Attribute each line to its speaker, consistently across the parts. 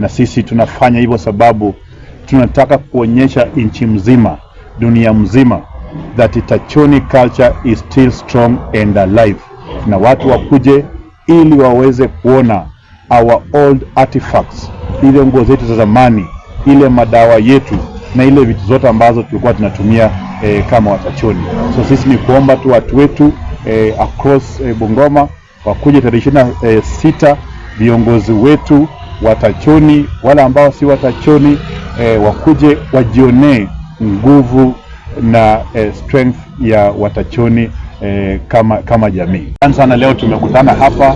Speaker 1: na sisi tunafanya hivyo sababu tunataka kuonyesha nchi mzima, dunia mzima that Itachoni culture is still strong and alive, na watu wakuje ili waweze kuona our old artifacts, ile nguo zetu za zamani, ile madawa yetu na ile vitu zote ambazo tulikuwa tunatumia eh, kama Watachoni. So sisi ni kuomba tu watu wetu eh, across eh, Bungoma wakuje tarehe ishirini na eh, sita viongozi wetu watachoni, wale ambao si watachoni e, wakuje wajionee nguvu na e, strength ya watachoni e, kama, kama jamii. Sana leo tumekutana hapa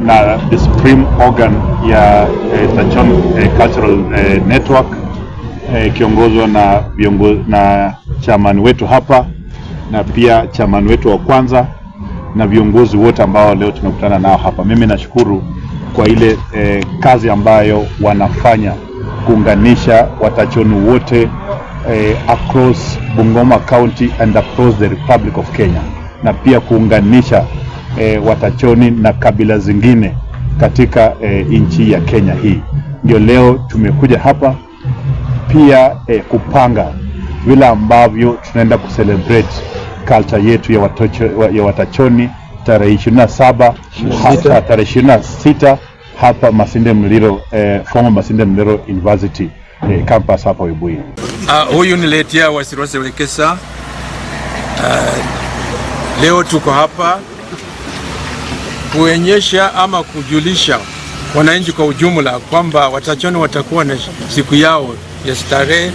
Speaker 1: na the supreme organ ya e, Tachon e, Cultural e, Network ikiongozwa e, na, na chamani wetu hapa na pia chamani wetu wa kwanza na viongozi wote ambao leo tumekutana nao hapa. Mimi nashukuru kwa ile e, kazi ambayo wanafanya kuunganisha watachoni wote e, across Bungoma County and across the Republic of Kenya na pia kuunganisha e, watachoni na kabila zingine katika e, nchi ya Kenya hii. Ndio leo tumekuja hapa pia e, kupanga vile ambavyo tunaenda kucelebrate culture yetu ya, watocho, ya watachoni tarehe 27 hata tarehe 26 hapa Masinde Muliro eh, former Masinde Muliro University eh, campus hapa Webuye.
Speaker 2: Uh, ah, huyu ni Letia Wasirwase Wekesa. Uh, leo tuko hapa kuonyesha ama kujulisha wananchi kwa ujumla kwamba Watachoni watakuwa na siku yao ya starehe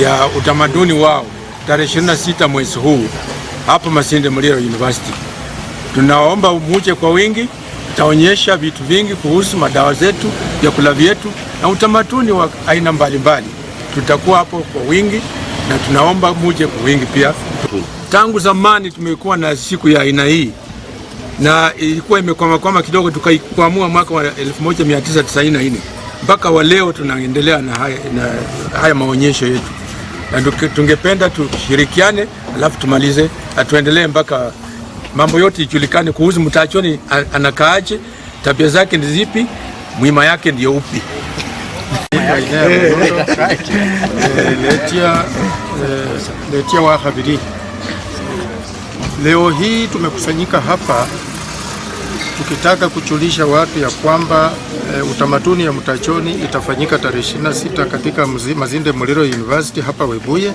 Speaker 2: ya utamaduni wao tarehe 26 mwezi huu hapa Masinde Muliro University. Tunaomba muje kwa wingi, tutaonyesha vitu vingi kuhusu madawa zetu, vyakula vyetu na utamaduni wa aina mbalimbali. Tutakuwa hapo kwa wingi na tunaomba muje kwa wingi pia. Tangu zamani tumekuwa na siku ya aina hii na ilikuwa imekwamakwama kidogo, tukaikwamua mwaka wa 1994 mpaka wa leo tunaendelea na haya, na haya maonyesho yetu, na tungependa tushirikiane, alafu tumalize na tuendelee mpaka mambo yote ijulikane kuhusu mtachoni, anakaaje, tabia zake ni zipi, mwima yake ndio upi? Letia, letia wahabiri. Leo hii tumekusanyika hapa tukitaka kuchulisha watu ya kwamba e, utamaduni ya mtachoni itafanyika tarehe 26 katika Mazinde Muliro University hapa Webuye,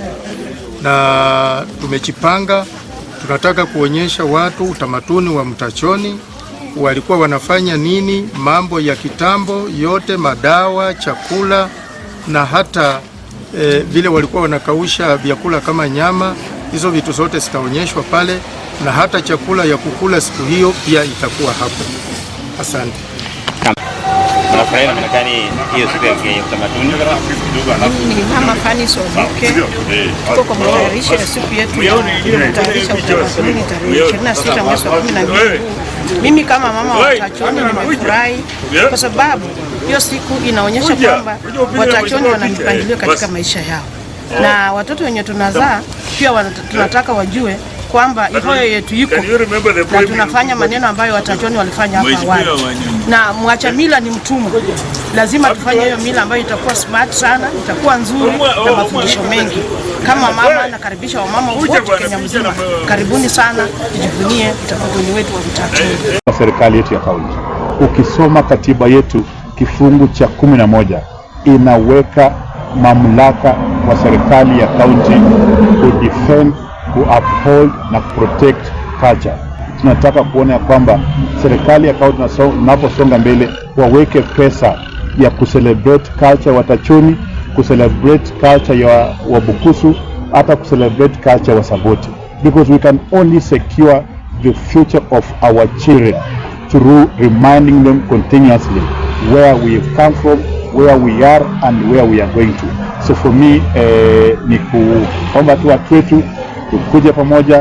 Speaker 2: na tumejipanga tunataka kuonyesha watu utamaduni wa Mtachoni, walikuwa wanafanya nini, mambo ya kitambo yote, madawa, chakula na hata e, vile walikuwa wanakausha vyakula kama nyama. Hizo vitu zote zitaonyeshwa pale na hata chakula ya kukula siku hiyo pia itakuwa hapo. Asante tunafurahi
Speaker 3: na hiyo siku ya utamaduni mm, ni mama fani sozoke, eh. tuko kwa matayarisho ya siku yetu ya kutayarisha eh, eh, utamaduni tarehe 26 mwezi wa 12. Mimi kama mama wa Watachomi nimefurahi kwa sababu hiyo siku inaonyesha kwamba Watachomi wana mipangilio katika maisha yao, oh. na watoto wenye tunazaa pia tunataka wajue kwamba Ivoyo yetu iko na tunafanya maneno ambayo Watajoni walifanya hapa awali, na mwacha mila ni mtumwa. Lazima tufanye hiyo mila ambayo itakuwa smart sana, itakuwa nzuri na oh, mafundisho mengi. Kama mama, nakaribisha wamama wote Kenya mzima, karibuni sana, tujivunie utamaduni wetu wa Kitatuni
Speaker 1: serikali yetu ya kaunti. Ukisoma katiba yetu kifungu cha kumi na moja inaweka mamlaka wa serikali ya kaunti kudefend ku uphold na ku protect culture. Tunataka kuona ya kwamba serikali ya kaunti inaposonga mbele waweke pesa ya kucelebrate culture Watachoni, kucelebrate culture ya Wabukusu, hata kucelebrate culture ya Wasaboti because we can only secure the future of our children through reminding them continuously where we have come from, where we are and where we are going to. So for me eh, ni kuomba tu watu wetu kuja pamoja